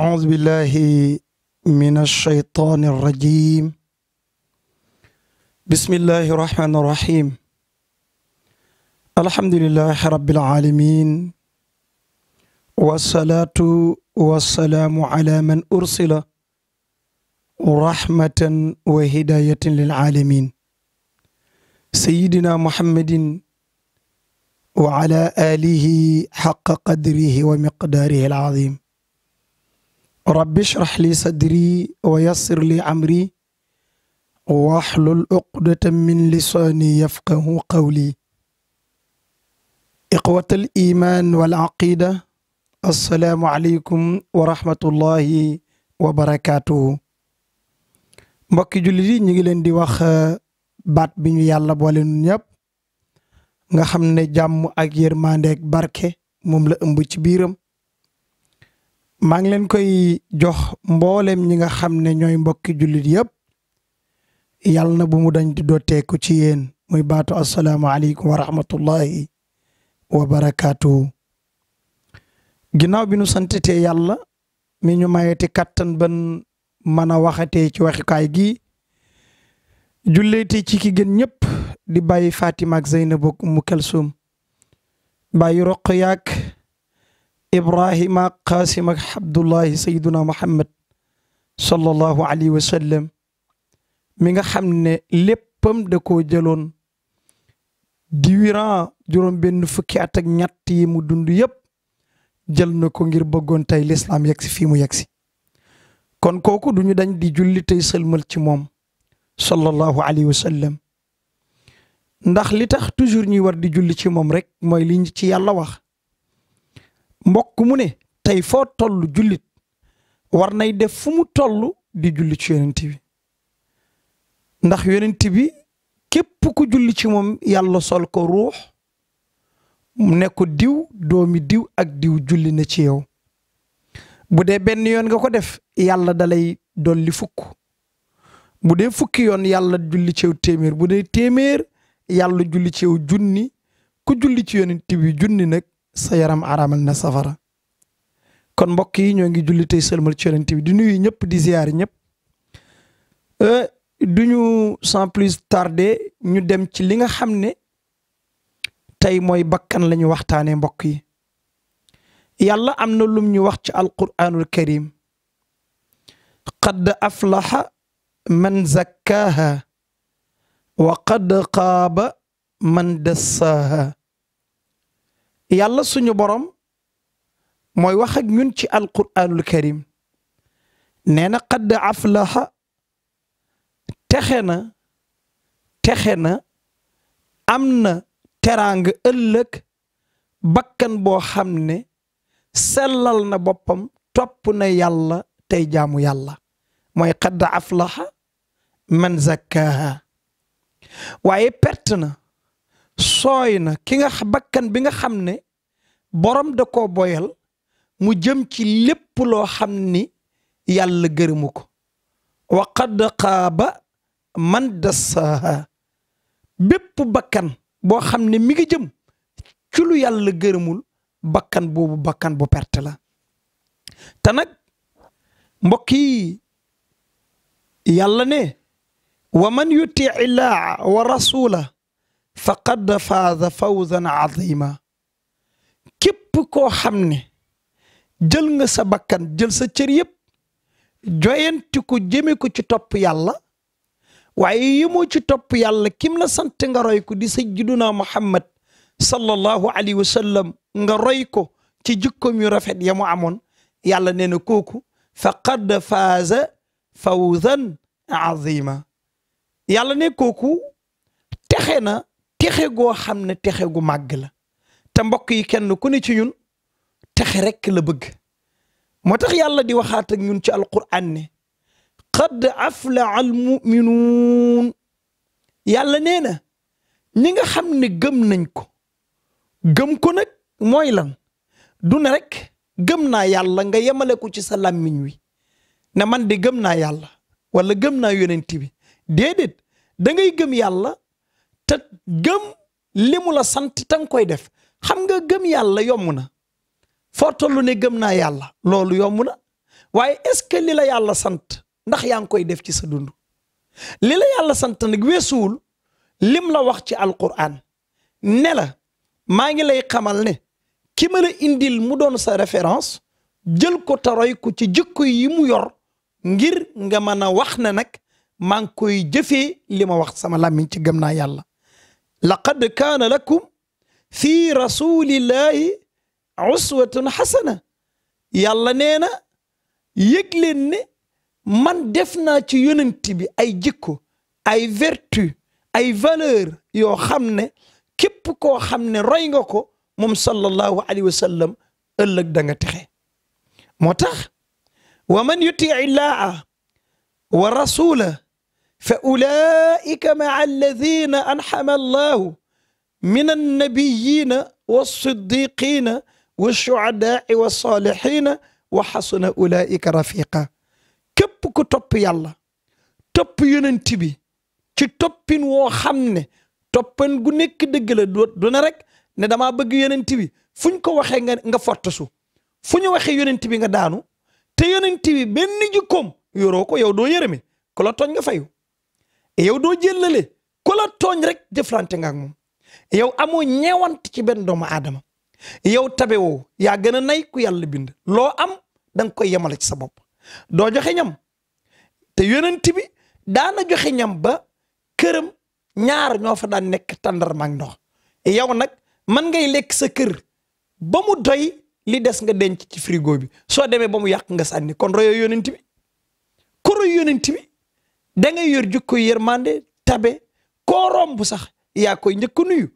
أعوذ بالله من الشيطان الرجيم بسم الله الرحمن الرحيم الحمد لله رب العالمين والصلاة والسلام على من أرسل رحمة وهداية للعالمين سيدنا محمد وعلى آله حق قدره ومقداره العظيم rabbi shrah li sadri wa yassir li amri waxlul uqdatan min lisaani yafqahu qawli iqwat al iman wal aqida assalaamu wa rahmatullahi wa barakaatuhu mbokki jullit yi ñu ngi leen di wax baat bi ñu yàlla boole nun ñëpp nga xam ne jàmm ak yërmandeeg barke moom la ëmb ci biiram maa ngi leen koy jox mboolem ñi nga xam ne ñooy mbokki jullit yépp yàlla na bu mu dañ di dooteeku ci yéen muy baatu asalaamaaleykum wa rahmatullahi wa barakaatu. ginnaaw bi nu santete yàlla mi ñu mayeti kattan ban mën a waxatee ci waxukaay gi julleete ci ki gën ñépp di bàyyi Fatima ak Zeynab mu Umu Kalsum bàyyi Roqaya ak ibrahima qaasim ak abdullahi sayduna muhammad sallallahu alayhi wa mi nga xam ne léppam da koo jëloon diwiran juróom benn fukki at ak mu dund yépp jël na ko ngir bëggoon tey lislaam yegsi fii mu yegsi kon kooku duñu dañ di julli tey sëlmal ci moom sallallahu alayhi wa ndax li tax toujours ñuy war di julli ci moom rek mooy li ñu ci yàlla wax mbokk mu ne tey foo toll jullit war nay def fu mu tollu di julli ci yonent ndax yonent bi képp ku julli ci moom yàlla sol ko ruux ne ko diw doomi diw ak diw julli na ci yow bu dee benn yoon nga ko def yàlla dalay dolli fukk bu dee fukki yoon yàlla julli ci yow téeméer bu dee téeméer yàlla julli ci yow ku julli ci yonent bi junni nag sa yaram araamal na safara kon mbokk yi ñoo ngi julli tey sëlmal ci yonent bi di nuyu ñëpp di ziyaari ñëpp euh, du ñu sans plus tarder ñu dem ci li nga xam ne tey mooy bakkan la ñu waxtaanee mbokk yi yàlla am na lum ñu wax ci alquraanul karim qad aflaha man zakkaaha wa qad qaaba man dassaaha yàlla suñu borom mooy wax ak ci alquraanul karim nee na qad aflaha texe na texe na am na teraanga ëllëg bakkan boo xam ne sellal na boppam topp na yàlla tey jaamu yàlla mooy qad aflaxa man zakkaha waaye perte na sooy na ki nga bakkan bi nga xam ne borom da koo boyal mu jëm ci lépp loo xam ni yàlla gërëmu ko wa qad xaaba man dassaaha bépp bakkan boo xam ne mi ngi jëm ci lu yàlla gërëmul bakkan boobu bakkan bu perte la te nag mbokk yi yàlla ne wa man yuti illaa wa rasula faqad faaza fawzan azima képp koo xam ni jël nga sa bakkan jël sa cër yëpp joyanti ko jëme ko ci topp yàlla waaye yemoo ci topp yàlla kim la sant nga roy ko di sayyiduna Muhammad sallallahu alayhi wa sallam nga roy ko ci jikkoom yu rafet ya mu amoon yàlla nee na kooku faqad faaza fawzan azima yàlla ne kooku texe texe goo xam ne texe gu màgg la te mbokk yi kenn ku ne ci ñun texe rekk la bëgg moo tax yàlla di waxaat ak ñun ci alquran ne qad aflaha almuminuun yàlla nee na ñi nga xam ne gëm nañ ko gëm ko nag mooy lan du ne rekk gëm naa yàlla nga yemale ko ci sa làmmiñ wi ne man di gëm naa yàlla wala gëm naa yonent bi déedéet da ngay gëm yàlla te gëm li la sant te koy def xam nga gëm yàlla yomb na foo toll ne gëm naa yàlla loolu yomb na waaye est-ce que li la yàlla sant ndax yaa ngi koy def ci sa dund li la yàlla sant nag weesuwul lim la wax ci alquran ne la maa ngi lay xamal ne ki ma la indil mu doon sa référence jël ko taroy ko ci jikko yi mu yor ngir nga mën a wax ne nag maa ngi koy jëfee li ma wax sama làmmiñ ci gëm naa yàlla laqad kaana lakum fi rasulillahi uswatun xasana yàlla nee na yëg leen ne man def naa ci yonent bi ay jikko ay vertu ay valeur yoo xam ne képp koo xam ne roy nga ko moom sallallahu alayhi wa sallam ëllëg danga texe moo tax wa man yuti illaha wa rasula faulaika maa alladina anxama allahu min annabiyina walsiddiqina walshuhadaai walsalihina wa xasuna ulaika rafiqa képp ku topp yàlla topp yonent bi ci toppin woo xam ne toppin gu nekk dëgg la du na rek ne damaa bëgg yonent bi fuñ ko waxee nga nga fortasu fu ñu waxee yonent bi nga daanu te yonent bi benn jikkoom yoroo ko yow doo yërëme ku la tooñ nga fayu yow doo jëllale ku la tooñ rek jëflante nga ak moom yow amoo ñeewant ci benn doomu aadama yow tabe woo yaa gën a nay ku yàlla bind loo am da koy yemale ci sa bopp doo joxe ñam te yonent bi daana joxe ñam ba këram ñaar ñoo fa daan nekk tàndarma ak ndox yow nag man ngay lekk sa kër ba mu doy li des nga denc ci frigo bi soo demee ba mu yàq nga sànni kon royo yonent bi ko roy yonent bi da ngay yor jukko yërmande tabe koo romb sax yaa koy nuyu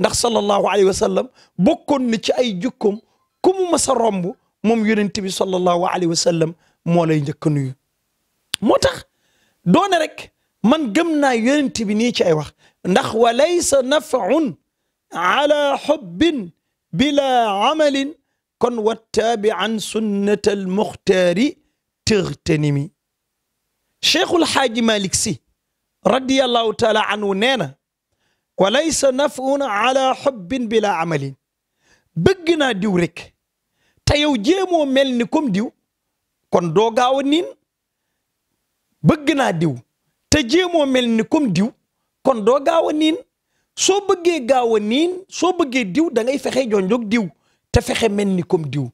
ndax sallallahu alayhi wa sallam bokkoon na ci ay jukkoom ku mu romb moom yonent bi sallallahu alayhi wa sallam moo njëkk nuyu moo tax doone rek man gëm naa yonent bi nii ci ay wax ndax wa laysa naf'un ala hubbin bila amalin kon wattaabi an sunnata almuxtaari tëxtanimi cheikhul xaaji malik si radiallahu taala anhu nee na wa laysa nafun ala xubbin bila amalin bëgg naa diw rek te yow jéemoo mel ni comme diw kon doo gaaw a bëgg naa diw te jéemoo mel ni comme diw kon doo gaaw a niin soo bëggee gaaw a niin soo bëggee diw dangay ngay fexe jonjog diw te fexe mel ni comme diw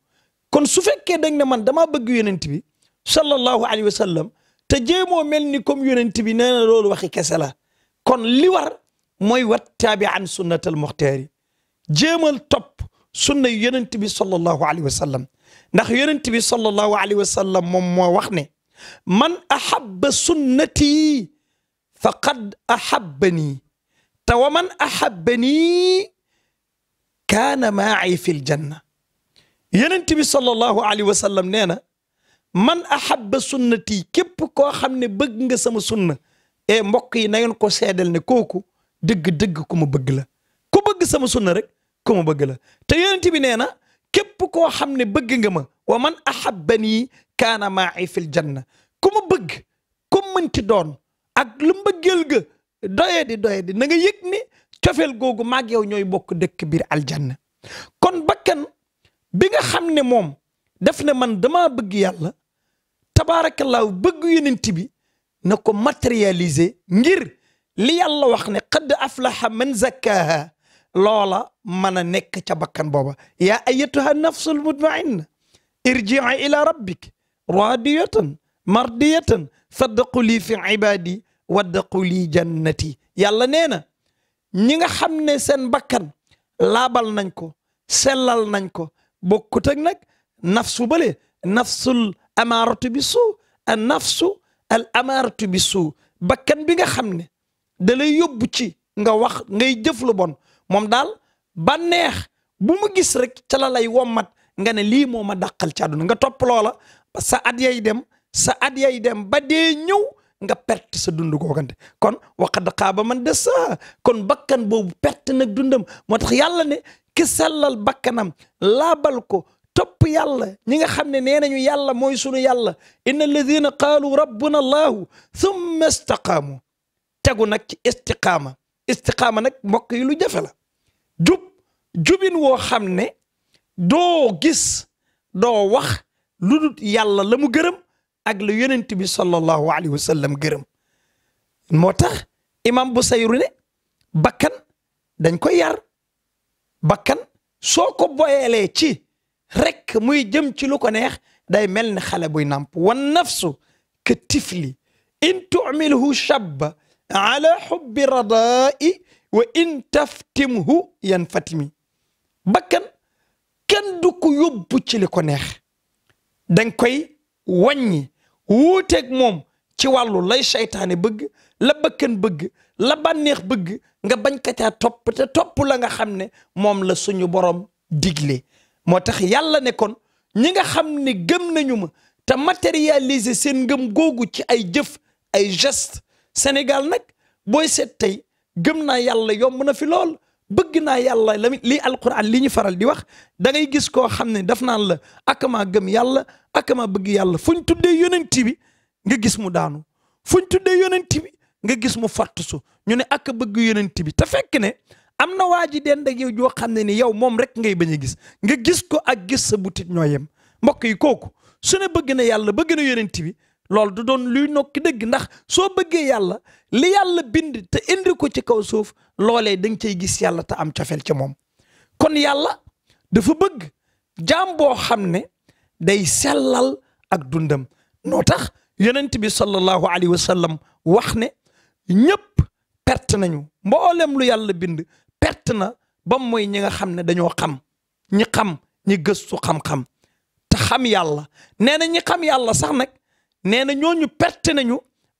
kon su fekkee dañ ne man damaa bëgg yonent bi sallallahu alayhi wa sallam te jéemoo mel ni comme yonent bi nee na waxi kese la kon li war mooy wat taabi an sunnatal muxtaari jéemal top sunna yonent bi sallallahu alayhi wa sallam ndax yonent bi sallallahu alayhi wa sallam moom moo wax ne man ahabba sunnati faqad ahabbani te wa man ahabbani kaana maai fi ljanna yonent sallallahu alayhi wa sallam nee na man ahabba sunnati képp koo xam ne bëgg nga sama sunna e mbokk yi na ngeen ko seedal ne kooku dëgg-dëgg ku ma bëgg la ku bëgg sama sunna rek ku ma bëgg la te yonent bi nee na képp koo xam ne bëgg nga ma wa man ahabbanii kaana maai ay janna ku ma bëgg ku mënti doon ak lu mbëggeel ga doye di doye di nanga nga yëg ne cofeel googu maag ñooy bokk dëkk biir aljanna kon bakkan bi nga xam ne moom def ne man dama bëgg yàlla tabaarakallaahu bëgg yonent bi na ko matérialiser ngir li yàlla wax ne qad aflaha man zakkaaha loola mën a nekk ca bakkan booba yaa ayatuha nafsul mutmainna irji'i ila rabbik raadiyatan mardiyatan faddaqu lii fi ibaadi waddaqu lii jannati yàlla nee na ñi nga xam ne seen bakkan laabal nañ ko sellal nañ ko bokkut ak nag nafsu bale nafsul amaaratu bi suu an nafsu al amaaratu bi su bakkan bi nga xam ne da lay yóbbu ci nga wax ngay jëf lu bon moom daal bànneex bu mu gis rek ca la lay wommat nga ne lii moo ma dàqal ci àdduna nga topp loola sa at yay dem sa ad yay dem ba dee ñëw nga perte sa dund googante kon waqad xaaba man des saa kon bakkan boobu perte nag dundam moo tax yàlla ne ki sellal bakkanam laabal ko topp yàlla ñi nga xam ne nee nañu yàlla mooy sunu yàlla inna alladina qaalu rabbuna allahu thumma istaqaamu tegu nag ci istiqaama istiqaama nag mbokk yi lu jafe la jub jubin woo xam ne doo gis doo wax lu dul yàlla la mu gërëm ak la yonent bi sallallahu alayhi wa sallam gërëm moo tax imam bu sayru ne bakkan dañ ko yar bakkan soo ko boyelee ci rek muy jëm ci lu ko neex day mel ni xale buy nàmp wan nafsu ka tifli in tumilhu shabba ala xubbi radaa'i wa in taftimhu yan fatimi bakkan kenn du ko yóbbu ci li ko neex danga koy wàññi wuuteeg moom ci wàllu lay seytaane bëgg la bakkan bëgg la bànneex bëgg nga bañ ka topp te topp la nga xam ne moom la suñu borom digle moo tax yàlla ne kon ñi nga xam ne gëm nañu ma te matérialiser seen gëm googu ci ay jëf ay geste Sénégal nag booy seet tey gëm naa yàlla yomb na fi lool bëgg naa yàlla la lii alquran li ñu faral di wax da ngay gis koo xam ne daf naan la akamaa gëm yàlla akamaa bëgg yàlla fu ñu tuddee yonent bi nga gis mu daanu fu ñu tuddee yonent bi nga gis mu fàttu su ñu ne ak bëgg yonent bi te fekk ne am na waa ji dend ak yow joo xam ne ni yow moom rek ngay bañ a gis nga gis ko ak gis sa butit ñoo yem mbokk yi kooku su ne bëgg na yàlla bëgg na yonent bi loolu du doon luy nokk dëgg ndax soo bëggee yàlla li yàlla bind te indi ko ci kaw suuf loolee da nga cay gis yàlla te am cofel ca moom kon yàlla dafa bëgg jaam boo xam ne day sellal ak dundam noo tax yonent bi sallallahu alayhi wa sallam wax ne ñëpp perte nañu mboolem lu yàlla bind perte na ba mooy ñi nga xam ne dañoo xam ñi xam ñi gëstu xam-xam te xam yàlla nee na ñi xam yàlla sax nag nee na ñooñu perte nañu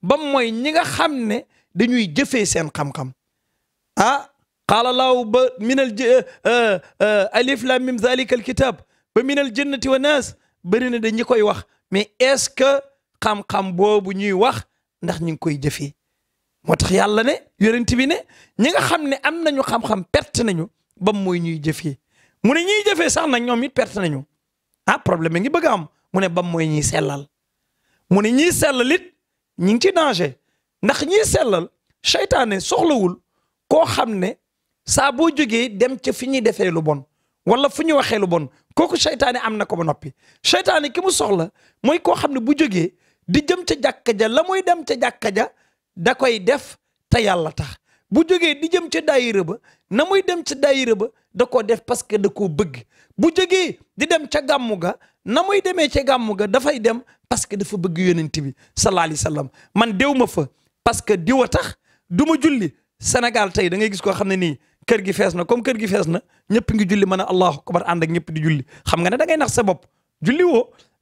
ba mooy ñi nga xam ne dañuy jëfee seen xam-xam ah qaala laahu ba minal al eh, eh, eh, alif lam mim zalika al kitab ba min al jannati wa naas bëri na dañu koy wax mais est-ce que xam boobu ñuy wax ndax ñu ngi koy jëfee moo tax yàlla ne yonent bi ne ñi nga xam ne am nañu xam-xam perte nañu bam mooy ñuy jëfee mu ne ñuy jëfee sax nag ñoom it perte nañu ah problème mi ngi bëgg a am mu ne ba mooy ñiy sellal mu ne ñiy sellal lit ñi ngi ci danger ndax ñiy sellal seytaane soxlawul koo xam ne saa boo jógee dem ca fi ñuy defee lu bon wala fu ñu waxee lu bon kooku seytaane am na ko ba noppi seytaane ki mu soxla mooy koo xam ne bu jógee di jëm ca jàkka la mooy dem ca jàkka da koy def te yàlla tax bu jógee di jëm ca daayira ba na muy dem ca daayira ba da koo def parce que da koo bëgg bu jógee di dem ca gàmmu ga na muy demee ca gàmmu ga dafay dem parce que dafa bëgg yonent bi sallallahu alayhi wasallam man dew ma fa parce que diwa tax du ma julli Sénégal tey da ngay gis koo xam ne nii kër gi fees na comme kër gi fees na ñëpp ngi julli mën a allahu akbar ànd ak ñëpp di julli xam nga ne da ngay sa bopp julli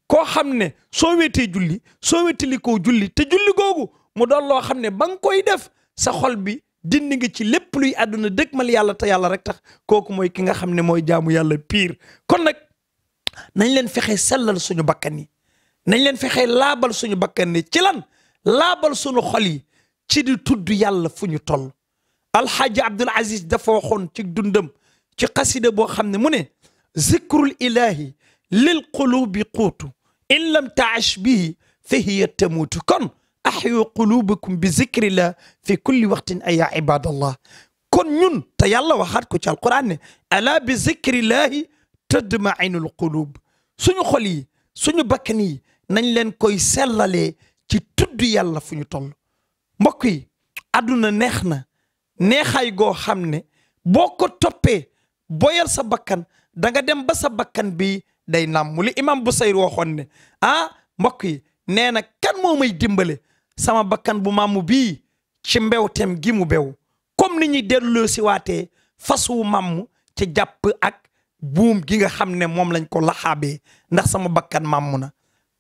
koo xam ne soo weetee julli so weetee li koo julli te julli googu mu doon loo xam ne ba nga koy def sa xol bi dindi nga ci lépp luy àdduna dëgmal yàlla te yàlla rek tax kooku mooy ki nga xam ne mooy jaamu yàlla piir kon nag nañ leen fexe sellal suñu bakkan yi nañ leen fexe laabal suñu bakkani ci lan laabal suñu xol yi ci di tudd yàlla fu ñu toll alxaaji abdul aziz dafa waxoon ci dundam ci xasida boo xam ne mu ne zikrul ilahi lil qulubi quutu in lam taash bihi fahiya tamuutu kon ahyu qulubakum bi zikrillah fi kulli ay aya ibadallah kon ñun te yàlla waxaat ko ci alquran ne ala bi zikrillahi tadmainul qulub suñu xol yi suñu bakkan yi nañ leen koy sellalee ci tudd yàlla fu ñu toll mbokk yi àdduna neex na neexaay goo xam ne boo ko toppee boyal sa bakkan da nga dem ba sa bakkan bi day nàmm li imam Busayr waxoon ne ah mbokk yi nee na kan moo dimbale sama bakkan bu màmm bii ci mbewtem gi mu bew comme ni ñuy delloo si waatee màmm ci jàpp ak buum gi nga xam ne moom lañ ko laxaabee ndax sama bakkan màmm na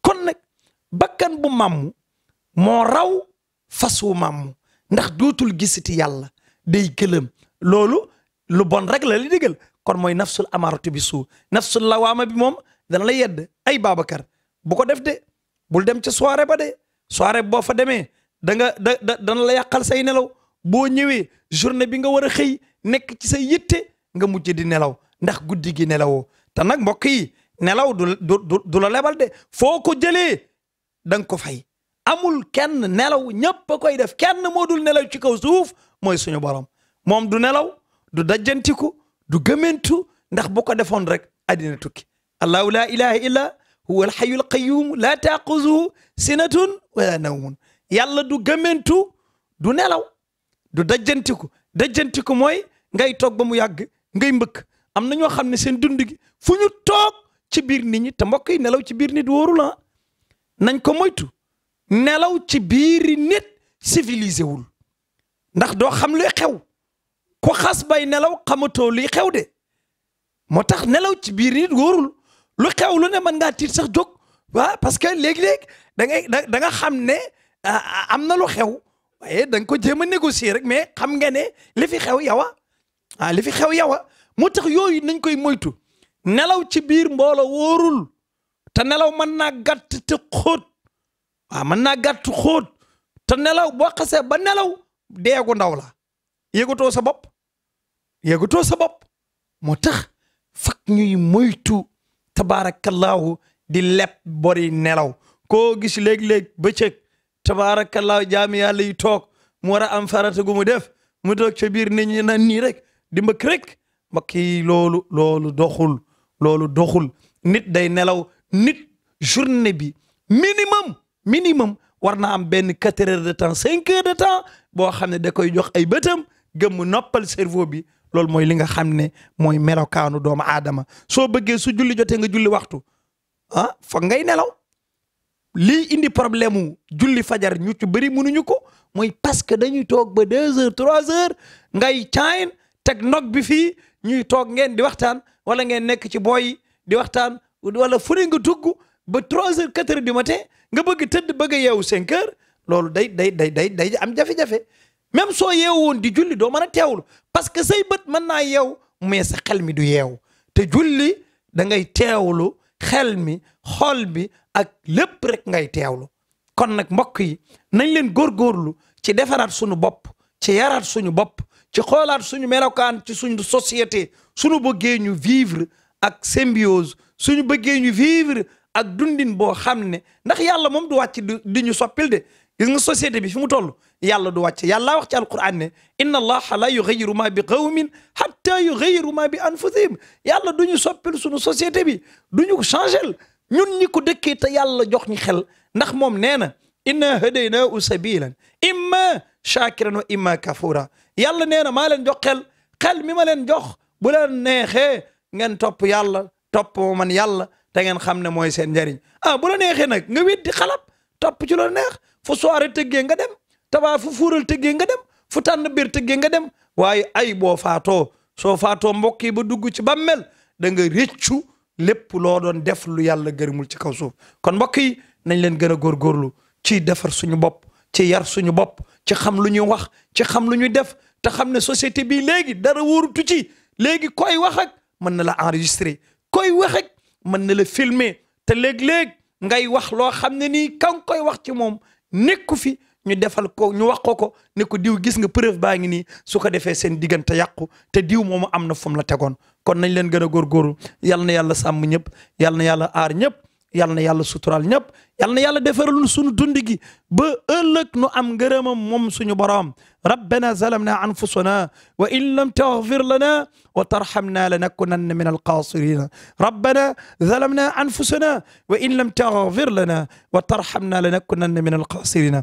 kon nag bakkan bu màmm moo raw fas wu màmm ndax dootul ti yàlla day gëlëm loolu lu bon rek la li digal kon mooy nafsul amaratu bi suu nafsul lawaama bi moom dana lay yedd ay Babacar bu ko def de dem ca soirée ba de soirée boo fa demee da nga da da dana la yàqal say nelaw boo ñëwee journée bi nga war a xëy nekk ci sa yitte nga mujje di nelaw ndax guddi gi nelawoo te nag mbokk yi nelaw du du du la lebal de foo ko jëlee da nga ko fay amul kenn nelaw ñëpp a koy def kenn moo nelaw ci kaw suuf mooy suñu borom moom du nelaw du dajjantiku du gëmentu ndax bu ko defoon rek addina tukki allahu laa ilaha illa huwa alxayyul qayyum laa taaxuzuhu sinatun wala nawmun yàlla du gëmmentu du nelaw du dajjantiku dajjantiku mooy ngay toog ba mu yàgg ngay mbëkk am na ñoo xam ne seen dund gi fu ñu toog ci biir nit ñi te mbokk yi nelaw ci biir nit wóorul la ah. nañ ko moytu nelaw ci biiri nit civilisé wul ndax doo xam luy xew ku xas bay nelaw xamatoo luy xew de moo tax nelaw ci biir nit wóorul lu xew lu ne mën ngaa tiit sax jóg waaw parce que léegi-léeg da ngay da nga xam ne am na lu xew waaye da ko jéem a négocier rek mais xam nga ne li fi xew yow ah li fi xew yow moo tax yooyu nañ koy moytu nelaw ci biir mbooloo woorul te nelaw mën naa gàtt te xóot waaw mën naa gàtt xóot te nelaw boo xasee ba nelaw deegu ndaw la yëgatoo sa bopp yëgatoo sa bopp moo tax fak ñuy moytu tabaarakallaahu di leb bori nelaw koo gis léeg-léeg bëccëg tabaarakallaahu jaami yàlla yi toog mu war a am farata gu mu def mu toog ca biir nit ñi nan nii rek di mbëkk rek mbokk yi loolu loolu doxul loolu doxul nit day nelaw nit journée bi minimum minimum war naa am benn quatre heures de temps cinq heures de temps boo xam ne da koy jox ay bëtam gëm mu noppal cerveau bi loolu mooy li nga xam ne mooy melokaanu doomu aadama soo bëggee su julli jotee nga julli waxtu ah foog ngay nelaw li indi problème mu julli fajar ñu ci bëri mënuñu ko mooy parce que dañuy toog ba deux heures trois heures ngay caayin teg nog bi fii ñuy toog ngeen di waxtaan wala ngeen nekk ci boy di waxtaan wala fu nga tugg ba trois heures quatre heures du nga bëgg tëdd bëgg a yeewu cinq heures loolu day day day day day am jafe-jafe même soo yeewoon di julli doo mën a teewlu parce que say bët mën naa yeew mais sa xel mi du yeew te julli da ngay teewlu xel mi xol bi ak lépp rek ngay teewlu kon nag mbokk yi nañ leen góorgóorlu ci defaraat suñu bopp ci yaraat suñu bopp ci xoolaat suñu melokaan ci suñu société sunu bëggee ñu vivre ak symbiose suñu bëggee ñu vivre ak dundin boo xam ne ndax yàlla moom du wàcc di ñu soppil de gis nga société bi fi mu toll yàlla du wàcc yàlla wax ci ne inna allaha la yughayyiru ma bi qawmin hatta yughayyiru ma bi anfusihim yàlla du ñu soppil suñu société bi du ñu changel ñun ñi ko dëkkee te yàlla jox ñu xel ndax moom nee na inna hadaynaahu sabilan imma shakiran wa imma kafura yàlla nee na maa leen jox xel xel mi ma leen jox bu leen neexee ngeen topp yàlla topp man yàlla te ngeen xam ne mooy seen njariñ ah bu la neexee nag nga weddi xalab topp ci la fu soirée tëggee nga dem tabaa fu fuural tëggee nga dem fu tànn biir tëggee nga dem waaye ay boo faatoo soo faatoo mbokk yi ba dugg ci bàmmeel da nga réccu lépp loo doon def lu yàlla gërëmul ci kaw suuf kon mbokk yi nañ leen gën a góorgóorlu ci defar suñu bopp ci yar suñu bopp ci xam lu ñuy wax ci xam lu ñuy def te xam ne société bi léegi dara wóorutu ci léegi koy wax ak mën na la enregistrer koy wax ak mën na la filmer te léeg-léeg ngay wax loo xam ne nii kan koy wax ci moom nekku fi ñu defal ko ñu wax ko ko ne ko diw gis nga preuve baa ngi nii su ko defee seen diggante yàqu te diw moomu am na fu la tegoon kon nañ leen gën a góorgóorlu yal na yàlla sàmm ñëpp yal na yàlla aar ñëpp yàlla na yàlla suturaal ñëpp yàlla na yàlla defaralun suñu dund gi ba ëllëg nu am ngërëmam moom suñu boroom rabbana zalamna anfusana wa in lam taghfir lana wa tarhamna lanakunanna min alqaasirina rabbana zalamna anfusana wa in lam taghfir lana wa tarhamna lanakunanna min alqaasirina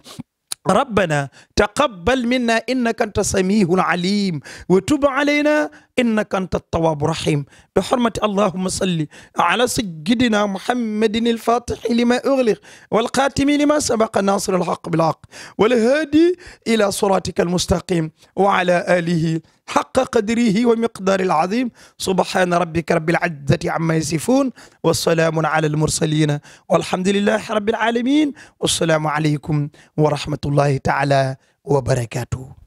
rabbana taqabbal minna innaka anta samiul alim wa tub alayna innaka anta tawaabu rahim bi xormati allahuma salli ala sayidina muhammadin alfatixi lima ugliq walxaatimi lima sabaqa nasir alxaq bilxaq walhaadi ila siratika almustaqim wa ala alihi xaqa qadrihi wa miqdaari alazim subhana rabbika rabbil izzati amma yasifun wa salaamun ala almursalina walhamdulilahi rabbil alamin wassalaamu alaykum wa rahmatullahi taala wa barakatuh